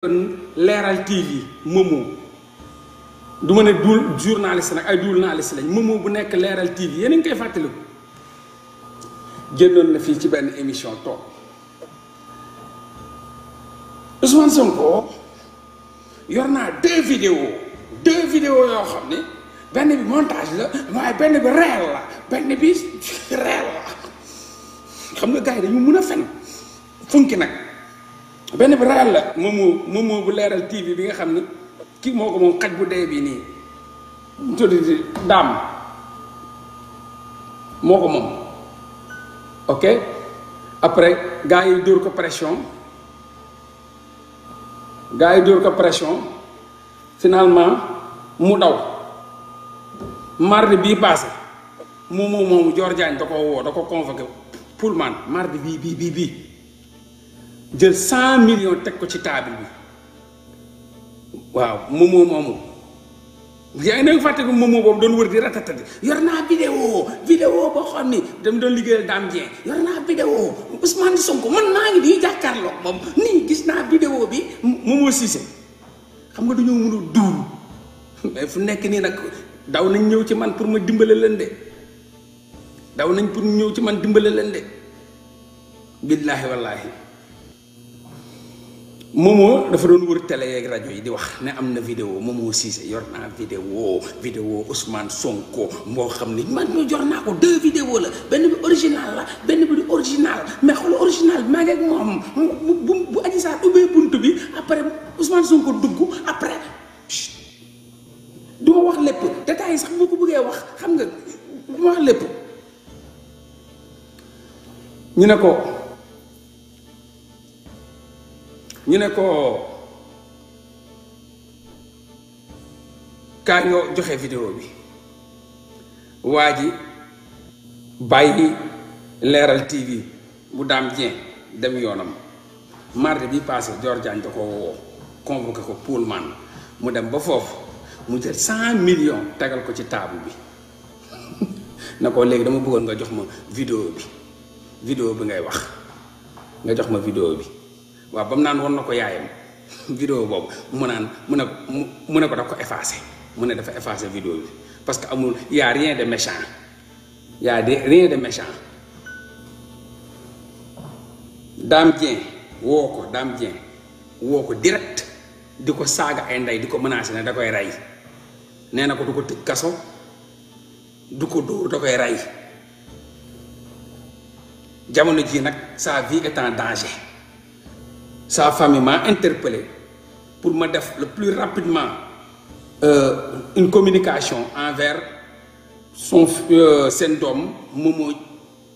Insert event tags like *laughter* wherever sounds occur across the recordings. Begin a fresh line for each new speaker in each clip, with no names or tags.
kon leeral TV Momo du ma ne duul journaliste nag ay journaliste lañ Momo bu nekk leeral TV yéen a ngi koy fàttaliku génnoon na fii ci benn émission toog Ousmane Sonko yor naa deux vidéos deux vidéos yoo xam ne benn bi montage la waaye benn bi réel la *laughs* xam nga gars yi dañu mën a fen funki nag. benn bi ragal la moom moo bu leeral TV bi nga xam ni kii moo ko moom bi nii mu tudd daam moo ko moom ok après gars yi dóor ko pression gars mu daw mardi bii passé moom moom moomu Dior Diagne da ko woo da ko convoqué Pullman mardi bii bii bii jël cent millions teg ko ci table bi waaw moomoo moomu yaa ngi nekk fàtte ko moomoo boobu doon wër di ratatati yor naa vidéo vidéo boo xam ni dem doon liggéeyal Dame Dieng yor naa vidéo Ousmane Sonko man maa ngi di jàkkaarloo moom nii gis naa vidéo bi moomoo Cissé xam nga dañoo mën a duul mais fu nekk nii nag daw nañ ñëw ci man pour ma dimbale leen de daw nañ pour ñëw ci man dimbale leen de billaahi wallaahi moomoo dafa doon wër télé yeeg rajo yi di wax ne am na vidéo moomoo Cissé yor naa vidéo vidéo Ousmane Sonko moo xam ni man ñu jor naa ko deux vidéo la benn bi original la benn bi du original mais xool original bi maa ngi ak moom bu bu Adji Sarr bunt bi après Ousmane Sonko dugg après du ma wax lépp détails sax boo ko bëggee wax xam nga du ma wax lépp ñu ne ko ñu ne ko kaa ñoo joxe vidéo bi waa ji bàyyi leeral TV bu daam jeen dem yoonam mardi bi passé Dior Diagne da ko woo convoqué ko Pullman mu dem ba foofu mu jël cent million tegal ko ci taabu bi *laughs* na ko léegi dama bëggoon nga jox ma vidéo bi vidéo bi ngay wax nga jox ma vidéo bi waaw ba naan war na ko yaayam vidéo boobu mu naan mu ne mu ne ko daf ko effacé mu ne dafa effacé vidéo bi parce que amul y rien de méchant y de rien de méchant Dame Dieng woo ko Dame Dieng woo ko direct di ko saaga ay ndey di ko menacé ne da koy rey nee na ko du ko tëj kaso du ko dóor da koy rey jamono jii nag sa vie est danger sa famille m'a interpellé pour ma def le plus rapidement euh, une communication envers son euh, seen doom Momo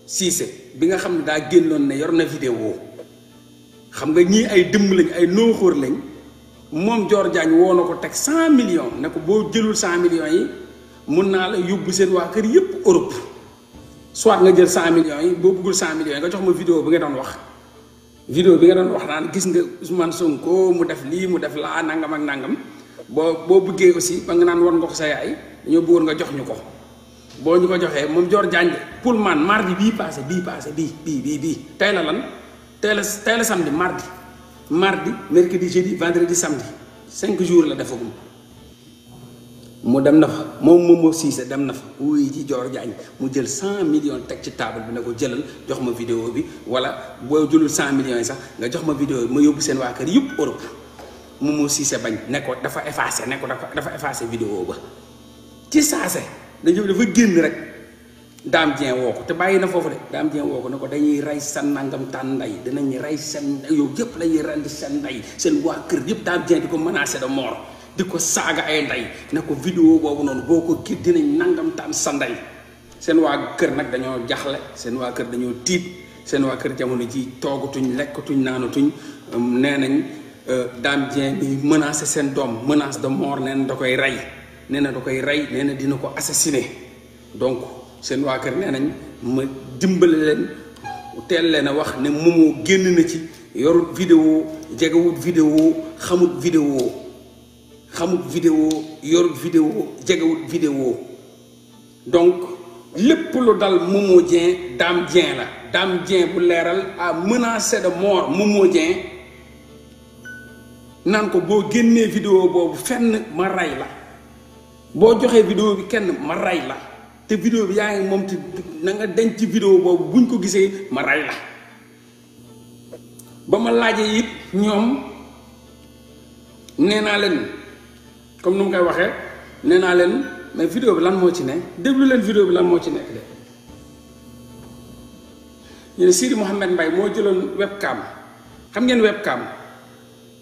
Cissé bi nga xam ne daa génnoon ne yor na vidéo xam nga ñii ay dëmm lañ ay nooxóor lañ moom Dior Diagne woo na ko teg cent millions ne ko boo jëlul cent millions yi mun naa la yóbbu seen waa kër yépp Europe soit nga jël cent millions yi boo bëggul cent millions yi nga jox ma vidéo bi nga doon wax vidéo bi nga doon wax naan gis nga Ousmane Sonko mu def lii mu def laa nangam ak nangam boo boo bëggee aussi ba nga naan war nga ko sa yaay dañoo bëggoon nga jox ñu ko boo ñu ko joxee moom Dior Diagne pour man mardi bii passé bii passé bii bii bii bii tey la lan tey la tey la samedi mardi mardi mercredi jeudi vendredi samedi cinq jours la defagum. mu dem na fa moom Momo Cissé dem na fa wuy ji Dior añ mu jël cent million teg ci taabal bi na ko jëlal jox ma vidéo bi wala boo jëlul cent million yi sax nga jox ma vidéo bi ma yóbbu seen waa kër yëpp Europe Momo Cissé bañ ne ko dafa effacé ne dafa dafa effacé vidéo ba ci saase dañu dafa génn rek Dame Dieng woo te bàyyi na foofu de Dame Dieng woo ko ne ko dañuy rey seen nangam tàn nday dinañ rey seen yow yëpp lañuy rendi seen nday seen waa kër yëpp Dame Dieng di ko menacé de mort di ko saaga ay ndey ne ko vidéo boobu noonu boo ko gis dinañ nangam tam sa ndey seen waa kër nag dañoo jaxle seen waa kër dañoo tiit seen waa kër jamono ji toogatuñ lekkatuñ naanatuñ nee nañ euh, Dame Dieng bi seen doom menace de mort nee da koy rey nee na da koy rey nee dina ko assassiné donc seen waa kër nee nañ ma dimbale leen teel leen a wax ne moomoo génn na ci yorut vidéo jegewut vidéo xamut vidéo xamut vidéo yorut vidéo jegewut vidéo donc lépp lu dal Momo Dieng Dame Dieng la Dame Dieng bu leeral a menacé de mort Momo Dieng naan ko boo génnee vidéo boobu fenn ma rey la boo joxee vidéo bi kenn ma rey la te vidéo bi yaa ngi moom te na nga denc vidéo boobu buñ ko gisee ma rey la ba ma laajee it ñoom nee naa leen comme nu mu koy waxee nee naa leen mais vidéo bi lan moo ci ne déglu leen vidéo bi lan moo ci ne de ñu ne Sidi Mouhamed Mbaye moo jëloon webcam xam ngeen webcam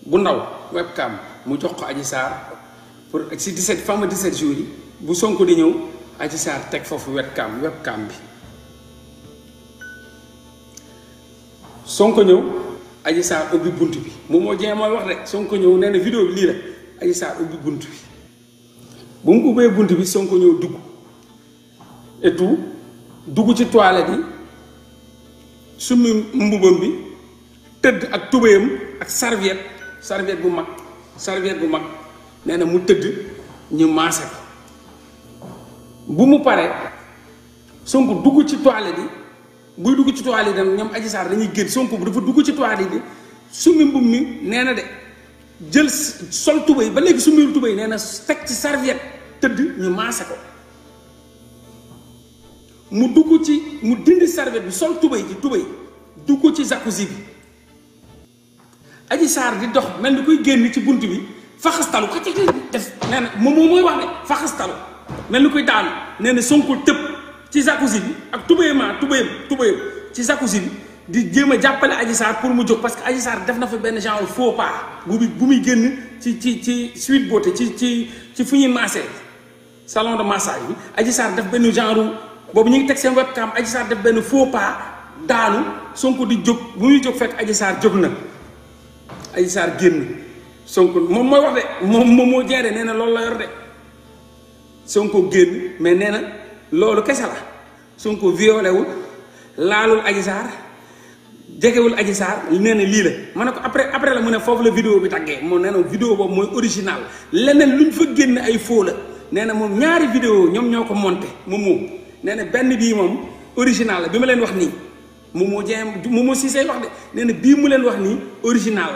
bu ndaw webcam mu jox ko Adji Sarr pour si 17 femme 17 jours yi bu Sonko di ñëw Adji Sarr teg foofu webcam webcam bi Sonko ñëw Adji Sarr ubbi bunt bi moom moo jeex mooy wax rek Sonko ñëw nee na vidéo bi lii la Adji Sarr ubbi bunt bi bu mu ubbee bunt bi Sonko ñëw dugg et dugg ci toilette yi summi mbubam bi tëdd ak tubéyam ak serviette serviette bu mag serviette bu mag nee na mu tëdd ñu maase ko bu mu paree Sonko dugg ci toilette yi buy dugg ci toilette yi dem ñoom Adji Sarr dañuy génn Sonko bu dafa dugg ci toilette yi summi mbubb mi nee na de jël sol tubéy ba léegi su miir tubéy nee na teg ci serviette tëdd ñu maase ko mu dugg ci mu dindi serviette bi sol tubéy ci tubéy dugg ci jacuzzi bi aji saar di dox mel ni koy génn ci bunt bi faxastalu ko ci def nee na moom moom mooy wax ne faxastalu mel ni kuy daanu nee na Sonko tëb ci jacuzzi bi ak tubéyam tubéyam tubéyam ci jacuzzi bi di jéem a jàppale Adji Sarr pour mu jóg parce que Adji Sarr def na fa benn genre faux pas bu muy génn ci ci ci Sweet Beauté ci ci ci fu ñuy maasee salon de massage bi Adji Sarr def benn genre boobu ñu ngi teg seen webcam Adji Sarr def benn faux pas daanu Sonko di jóg bu muy jóg fekk Adji Sarr jóg na Adji Sarr génn Sonko moom mooy wax de moom moo jeere nee na loolu la yor de Sonko génn mais nee na loolu kese la Sonko violé laalul Adji jegewul aji saar nee na lii la ma ne ko après après la mu ne foofu la vidéo bi taggee mu nee video vidéo boobu mooy original leneen luñ fa génn ay faux la nee na moom ñaari vidéo ñoom ñoo ko monté moom moom nee benn bii moom original la bi ma leen wax nii moom moo jeem moom moo Cissé wax de na bii mu leen wax nii original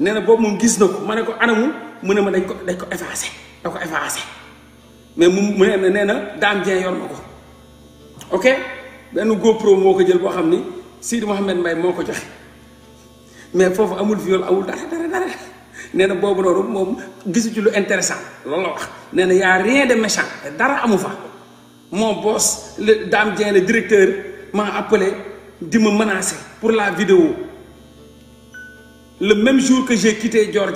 la na boobu moom gis na ko ma ne ko anamu mu ne ma dañ ko dañ ko effacé da ko effacé mais mu mu nee na daam jeen yor na ko ok benn GoPro moo ko jël boo xam ni Sidi Mouhamed Mbaye moo ko joxe mais foofu amul viol awul dara dara dara nee na boobu noonu moom gisu ci lu intéressant loolu la wax nee na y a rien de méchant dara amu fa moo boss le daam Dieng le directeur m'a appelé di ma menacer pour la vidéo le même jour que j'ai quitté Dior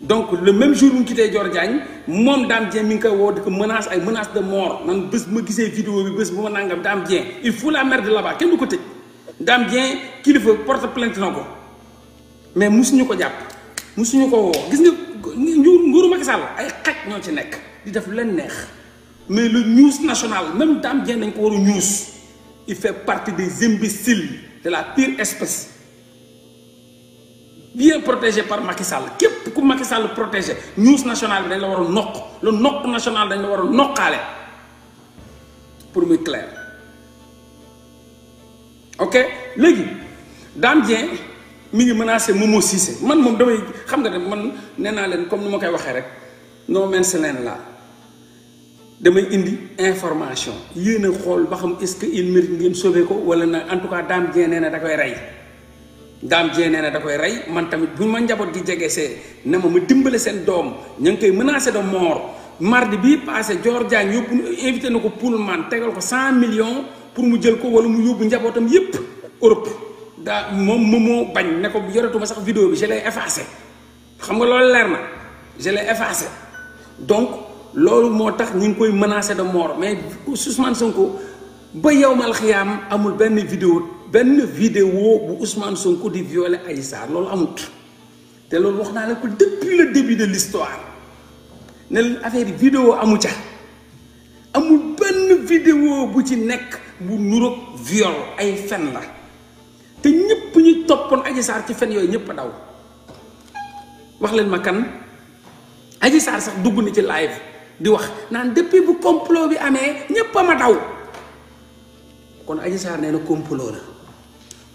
donc le même jour bu ñu quitté Dior Diagne moom Dame Dieng mi ngi koy woo di ko menace ay menace de mort man bés bu ma gisee vidéo bi bés bu ma nangam Dame Dieng il faut la merde là-bas kenn ko tëj Dame Dieng kilifa porte plainte na ko mais musuñu ko jàpp musuñu ko woo gis nga nguuru Macky Sall ay xaj ñoo ci nekk di def leen neex mais le news national même Dame Dieng nañ ko war a news il fait partie des imbéciles de la pire espèce bien protégé par Macky Sall képp ku Macky Sall protégé news national bi dañ la war a noq le noq national dañ la war a noqaale pour muy clair ok léegi Dame Dieng mi ngi menacé Momo Cissé man moom damay xam nga ne man nee naa leen comme ni ma koy waxee rek noo men si leen laa damay indi information yéen xool ba xam est-ce que il mérite ngeen sauver ko wala na en tout cas Dame Dieng nee na da koy rey daam jee nee na da koy rey man tamit bu ma njaboot gi jege see na ma ma dimbale seen doom ña ngi koy menacé de mort mardi bii passé Dior Diagne yóbbu invité na ko Pullman tegal ko cent millions pour mu jël ko wala mu yóbbu njabootam yépp Europe daa moom moomoo bañ ne ko sax vidéo bi je xam nga loolu leer na je l'ai effacé donc loolu moo tax ñu koy menacé de mort mais Ousmane Sonko ba yowmal xiyaam amul benn vidéo benn vidéo bu usmaan Sonko di violer Adji Sarr loolu amut te loolu wax naa la ko depuis le début de l'histoire ne leen affaire yi vidéo amu ca amul benn vidéo bu ci nekk bu nurook viol ay fen la te ñëpp ñu toppoon Adji Sarr ci fen yooyu ñëpp daw wax leen ma kan Adji Sarr sax dugg na ci live di wax naan depuis bu complot bi amee ñëpp a daw kon Adji Sarr na complot la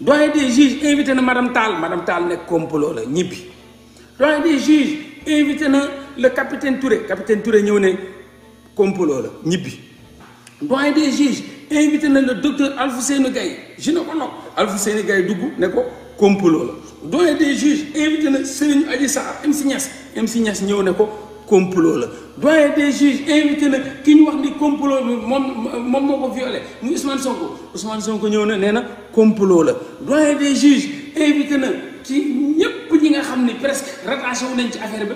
doyen des juges invité na madame Tall madame Tall nekk complot la ñibbi doyen des juges invité na le capitaine Touré capitaine toure ñëw ne complot la ñibbi doyen des juges invité na le docteur Alfousseyni Gaye gynécologue Alfousseyni Gaye dugg ne ko complot la doyen des juges invité na Serigne Adji Sarr MC Niass MC Niass ñëw ne ko complot la doyen des juges invité na ki ñu wax ni complot bi moom moom moo ko violé mu Ousmane Sonko Ousmane Sonko ñëw na nee na complot la doyen des juges invité na ci ñëpp ñi nga xam ni presque rattaché wu nañ ci affaire bi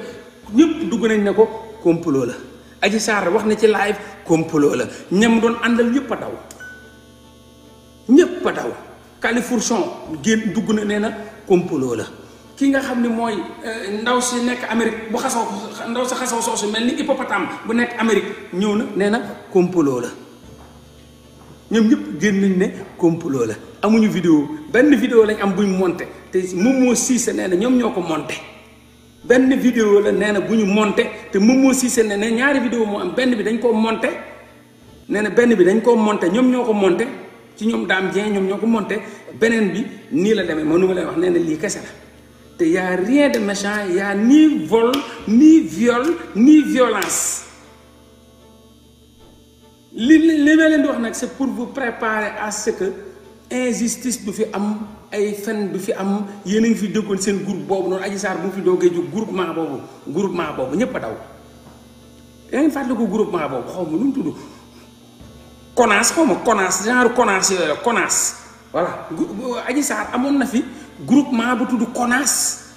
ñëpp dugg nañ ne ko complot la Adji Sarr wax na ci live complot la ñam doon àndal ñëpp a daw ñëpp a daw génn dugg na nee na complot la ki nga xam ni mooy euh, ndaw si nekk Amérique bu xasaw ndaw si xasaw soosu mel ni hippopotame bu nekk Amérique ñëw na nee na complot la ñoom ñëpp génn nañ ne complot la amuñu vidéo benn vidéo lañ am buñ monté te Momo Cissé nee na ñoom ñoo ko monté benn vidéo la nee na te Momo Cissé ne ne ñaari vidéo moo am benn bi dañ koo monté nee na benn bi dañ koo monté ñoom ñoo ko monté ci ñoom Dame Dieng ñoom ñoo ko monté beneen bi nii la demee moo nu ma wax nee na lii kese la te yaa a rien de méchant y a ni vol ni viol ni violence li li ma leen di wax nag c'est pour vous préparer à ce que injustice du fi am ay fen du fi am yéen a ngi fi déggoon seen groupe boobu noonu Adji Sarr bu mu fi doogee jóg groupement boobu groupement boobu ñëpp a daw. yaa ngi fàttaliku groupement boobu xaw ma nu mu tudd CONAS xaw ma CONAS genre CONAS yooyu la CONAS voilà Adji Sarr amoon na fi groupement bu tudd CONAS.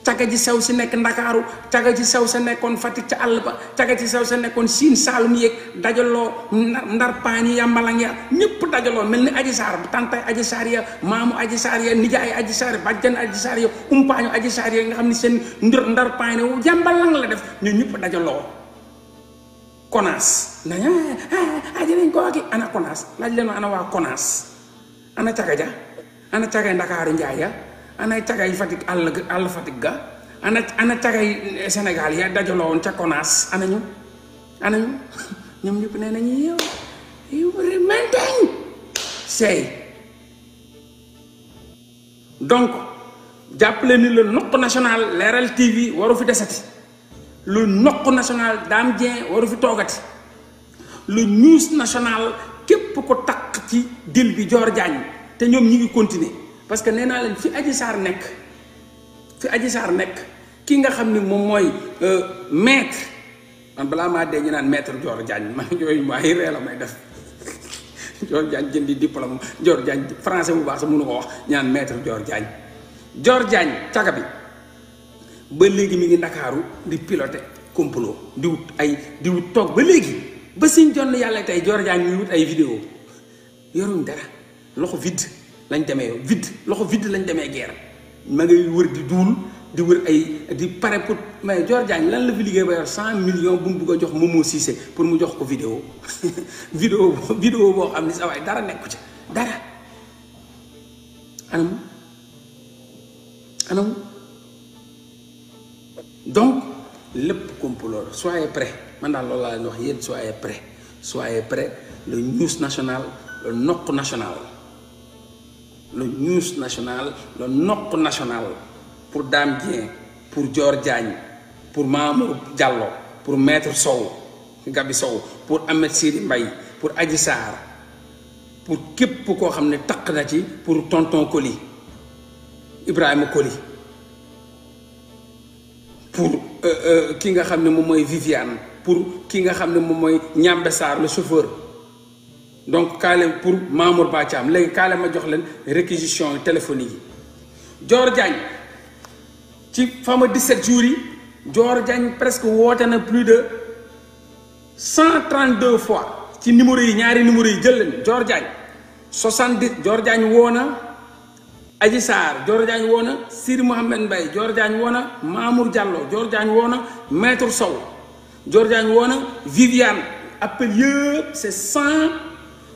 caga ji sew si nekk ndakaaru caga ji sew sa nekkoon Fatick ca àll ba caga ji sew sa nekkoon siin saalum yéeg dajaloo ndar paan yi yàmbalang ya ñëpp dajaloo mel ni aji saar tantay aji saar ya maamu aji saar ya nijaay aji saar ya aji saar ya umpaañu aji saar ya nga xam ni seen ndir ndar paan yi yàmbalang la def ñu ñëpp dajaloo konaas nañ aji nañ ko aki ana konaas laaj leen ana waa konaas ana caga ja ana cagay ndakaaru njaay ana cagay Fatick àll àll Fatick ga ana cagay eh, Sénégal ya dajaloo woon ca CONAS ana ñu ana ñu *laughs* ñoom ñëpp nee nañu yow yow remantañ seey donc jàppale ni le noq national leeral TV waru fi desati lu noq national Dame Dieng waru fi toogati lu news national képp ko takk ci dil bi Dior Diagne te ñoom ñi ngi continuer parce que nee naa leen fi aji saar nekk fi Adji Sarr nekk ki nga xam ni moom mooy euh, maître man balaa maa dee ñu naan maître joor Diagne man *laughs* yooyu may ree la may def *laughs* Dior Diagne jëndi diplôme Dior Diagne français bu baax sax mënu ko wax ñaan maître Dior Diagne Dior Diagne caga bi ba léegi mi ngi ndakaaru di piloté complot di wut ay di wut toog ba léegi ba siñ jonn yàlla tey Dior Diagne ñuy wut ay vidéo yoruñ dara loxo vide lañ demee vide loxo vide lañ demee guerre ma ngay wër di duul di wër ay di pare pour mais Dior Diagne lan la fi liggéey ba yor cent millions bu mu bugg a jox Momo Cissé pour mu jox ko vidéo *laughs* vidéo vidéo boo xam ni sa waay dara nekku ci dara anam anam donc lépp complot la soyez prêts man daal loolu laa leen wax yéen soyez prêts soyez prêts le news national le noq national le news national le noq national pour Dame Dieng pour joor Diagne pour Mamour jàlloo pour Maître Sow Gabi Sow pour Ahmed Sidi Mbaye pour Adji Sarr pour képp koo xam ne taq na ci pour tonton Koli Ibrahima Koli pour euh, euh, ki nga xam ne moom mooy Viviane pour ki nga xam ne moom mooy Ñambe Sarr le chauffeur donc kaale pour Mamour Ba Thiam léegi kaale ma jox leen réquisition téléphonique yi Dior Diagne ci fama 17 jours yi Dior Diagne presque woote na plus de 132 fois ci numéro yi ñaari numéro yi jël leen Dior Diagne 70 Dior Diagne woo na Adji Sarr Dior Diagne woo na Sir Mohamed Mbaye Dior Diagne woo na woo na Maître Sow Dior Diagne na Viviane appel yëpp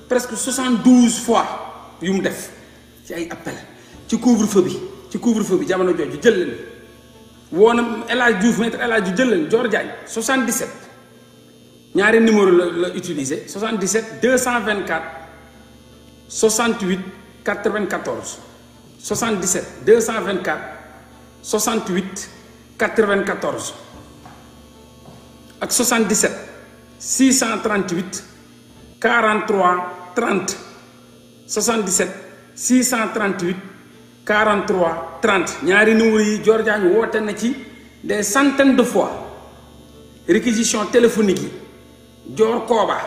presque soixante-douze fois yu mu def ci ay appel ci couvre-feu bi ci couvre-feu bi jamono jooju jël leen woo na El Hadj Diouf maître El Hadj Diouf jël leen Dior Diagne 77 ñaari numéro la la utilisé 77 224 68 94 77 224 68 94 ak 77 638. 43 30 77 638 43 30 ñaari numéro yi Dior Diagne woote na ci des centaines de fois réquisition téléphonique yi Dior Kooba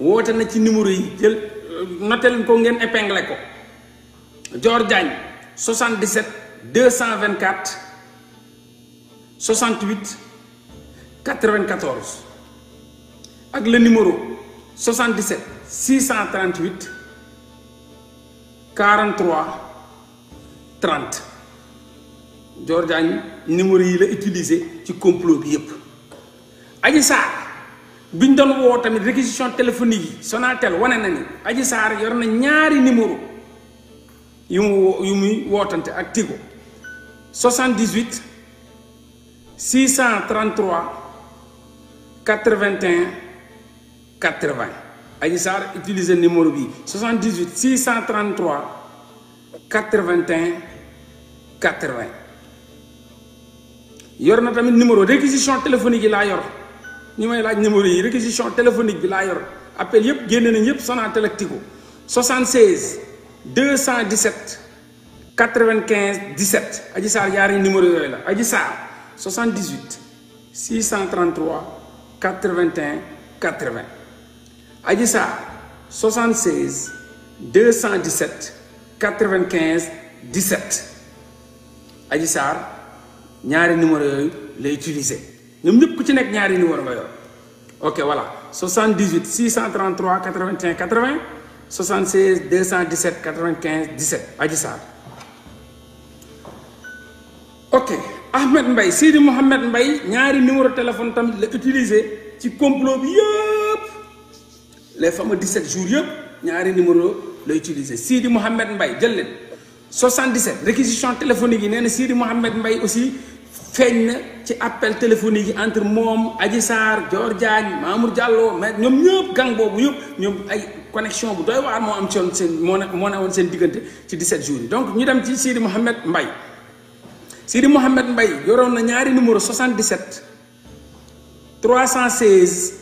woote na ci numéro yi jël euh, noté ko ngeen épinglé ko Dior Diagne 77 224 68 94 ak le numéro. 77 638 43 30 Dior Diagne numéro yi la utilisé ci complot bi yépp Adji Sarr biñ doon woo tamit réquisition téléphonique yi Sonatel wane na ni Adji Sarr yor na ñaari numéro yu mu muy wootante ak Tigo 78 633 81 80 Adji Sarr utiliser numéro bi 78 633 yor na tamit numéro réquisition téléphonique yi laa yor ñu may laaj numéro yi réquisition téléphonique bi laa yor appel yëpp génne nañ yëpp Sonatel ak Tigo 76 217 95 17 Adji Sarr yaari numéro yooyu la Adji Sarr 78 633 81 80. Adji Sarr 76 217 95 17 Adji Sarr ñaari numéro yooyu lay utiliser ñoom ñëpp ku ci nekk ñaari numéro nga yor ok voilà 78 633 81 80 76 217 95 17 Adji Sarr ok Ahmed Mbaye Sidi Mohamed Mbaye ñaari numéro téléphone tam la utiliser ci complot bi yëpp. les fameux 17 jours yëpp ñaari numéro la utiliser Sidi Mouhamed mbay jël leen 77 réquisition téléphonique yi nee na Sidi Mouhamed Mbaye aussi feeñ na ci appel téléphonique yi entre moom Adji Sarr Dior Diagne Mamour Diallo mais ñoom ñëpp gang boobu yëpp ñoom ay connexion bu doy waar moo am ci woon seen moo ne moo ne woon seen diggante ci 17 jours yi donc ñu dem ci Sidi Mouhamed Mbaye Sidi Mouhamed mbay yoroon na ñaari numéro 77 316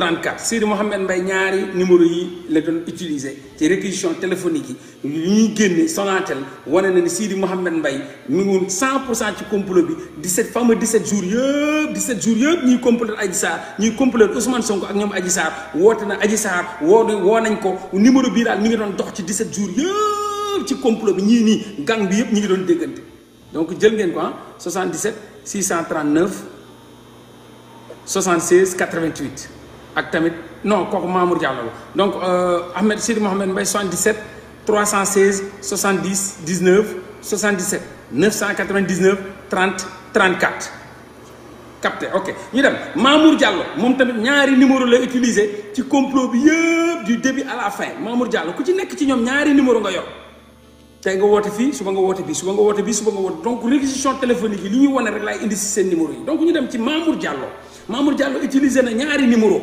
34 Sidi Mouhamed mbay ñaari numéro yi la doon utiliser ci réquisition téléphonique yi ñuy génne Sonatel wane na ni Sidi Mouhamed Mbaye mi ngi woon 100 pour cent ci complot bi 17 fameux 17 jours yëpp 17 jours yëpp ñuy complot Adji Sarr ñuy complot Ousmane Sonko ak ñoom Adji Sarr woote na Adji Sarr woo woo nañ ko numéro bii daal mi ngi doon dox ci 17 jours yëpp ci complot bi ñii nii gang bi yëpp ñu ngi doon déggante donc jël ngeen ko ah 77 639 76 88. ak tamit non kooku Mamour Diallo la donc euh, Ahmed Sidi Mohamed Mbaye 77 316 70 19 77 999 30 34 capté ok ñu dem Mamour Diallo moom tamit ñaari numéro la utiliser ci complot bi yëpp du début à la fin Mamour Diallo ku ci nekk ci ñoom ñaari numéro nga yor tey nga woote fii suba nga woote bii suba nga woote bii suba nga woote donc réquisition téléphonique yi li ñuy wane rek laay indi si seen numéro yi donc ñu dem ci Mamour Diallo Mamour Diallo utiliser na ñaari numéro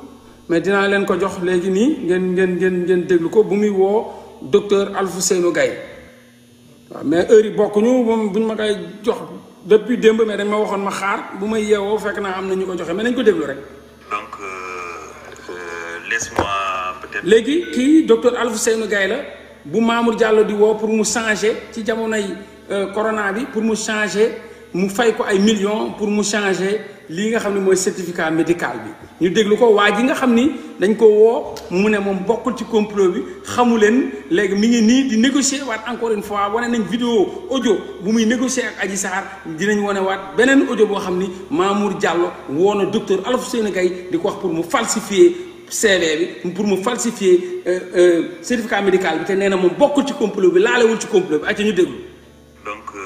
mais dinaa leen ko jox léegi nii ngeen ngeen ngeen ngeen déglu ko bu muy woo docteur Alfousseynou Gaye waaw mais heure yi bokkuñu moom bu ma koy jox depuis démb mais dañ ma waxoon ma xaar bu may yeewoo fekk naa am na ñu ko joxe mais nañ ko déglu rek. donc euh, euh, laisse-moi peut-être. léegi kii docteur Alfousseynou Gaye la bu Mamour Diallo di woo pour mu changer ci jamonoy euh, corona bi pour mu changer mu fay ko ay millions pour mu changer. lii nga xam ne mooy certificat médical bi ñu déglu ko waa ji nga xam ni dañ ko woo mu ne moom bokkul ci complot bi xamu leen léegi mu ngi nii di négocier waat encore une fois wane nañ vidéo ojo bu muy négocier ak Adji Sarr dinañ wane waat beneen ojo boo xam ni Mamour Diallo woo na docteur Alfousseyni Gaye di ko wax pour mu falsifier CV bi pour mu falsifier euh, euh, certificat médical bi te nee na moom bokkul ci complot bi laalewul ci complot bi acca ñu déglu euh,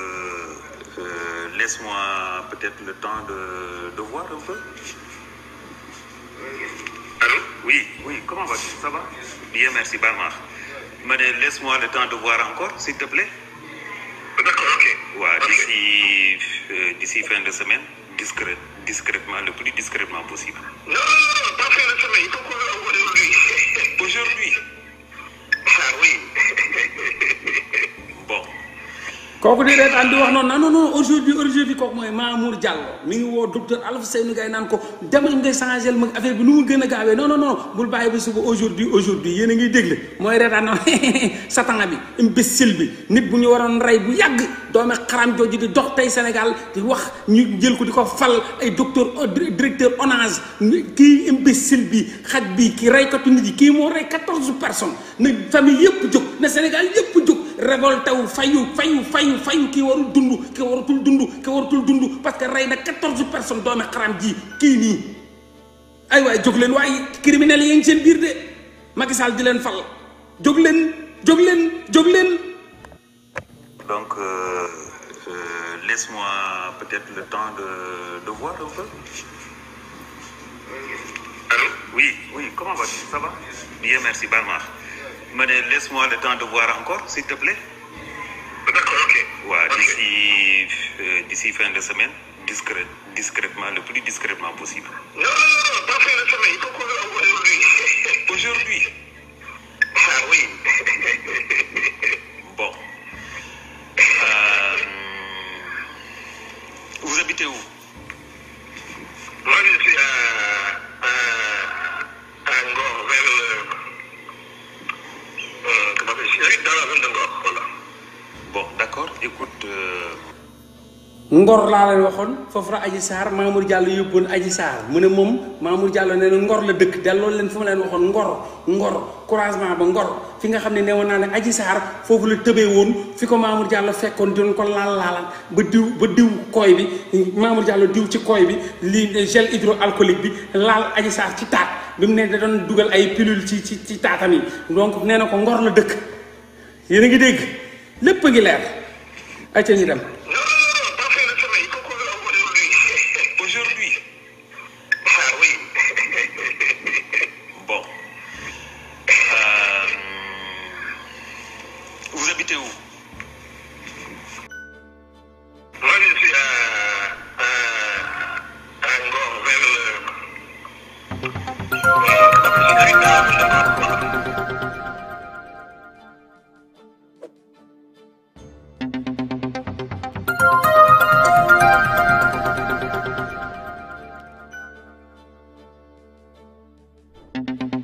laisse-moi peut-être le temps de, de voir un peu. Allô Oui, oui, comment vas-tu Ça Bien, merci, Barma. Mais laisse-moi le temps de voir encore, s'il te plaît. D'accord, ok. Ouais, euh, fin de semaine, discrète, discrètement, le plus discrètement possible. Non, pas fin de semaine, il faut qu'on le aujourd'hui. Aujourd'hui ah bon. kooku di reetaan di wax noonu non aujourd'hui aujourd'hui kooku mooy Mamour Diallo mi ngi woo docteur Alpha Seynou Gaye naan ko demal nga changé ma affaire bi nu mooy reetaan noonu *laughs* satan bi nit bu ñu waroon rey bu yàgg doomi xaram jooju di dox tey Sénégal di wax ñu jël ko di ko fal ay docteur directeur ONAS kii imbécile bi xaj bi ki reykatu nit yi kii moo rey quatorze personnes na famille yëpp jóg na Sénégal yëpp jóg révolté wu fayu fayu fayu fayu kii warul dund ki warutul dund ki warutul dund parce que rey na quatorze personnes doomi xaram ji kii nii ay waay jóg leen waaye criminels yi ngi seen biir de Macky Sall di leen fal jóg leen jóg leen jóg leen donc euh, euh, laisse-moi peut-être le temps de, de voir un peu oui oui comment vas-tu ça bien merci Balmar ma ne laisse-moi le temps de voir encore s'il te plaît. d'accord si euh, fin de semaine discrète discrètement le plus discrètement possible. non non non pas fin de semaine ngor laa leen waxoon foofu la aji saar Mamour Diallo yóbboon aji saar mu ne moom Mamour Diallo nee na ngor la dëkk delloo leen fa ma leen waxoon ngor ngor couragement ba ngor fi nga xam ne newoon naa ne aji saar foofu la tëbee woon fi ko Mamour Diallo fekkoon doon ko laal laalaan ba diw ba diw kooy bi Mamour Diallo diw ci kooy bi lii gel hydroalcoolique bi laal aji saar ci taat bi mu ne dugal ay pilule ci ci ci taatam yi donc nee na ko ngor la dëkk yéen a ngi dégg lépp a ngi leer ay ca ñu dem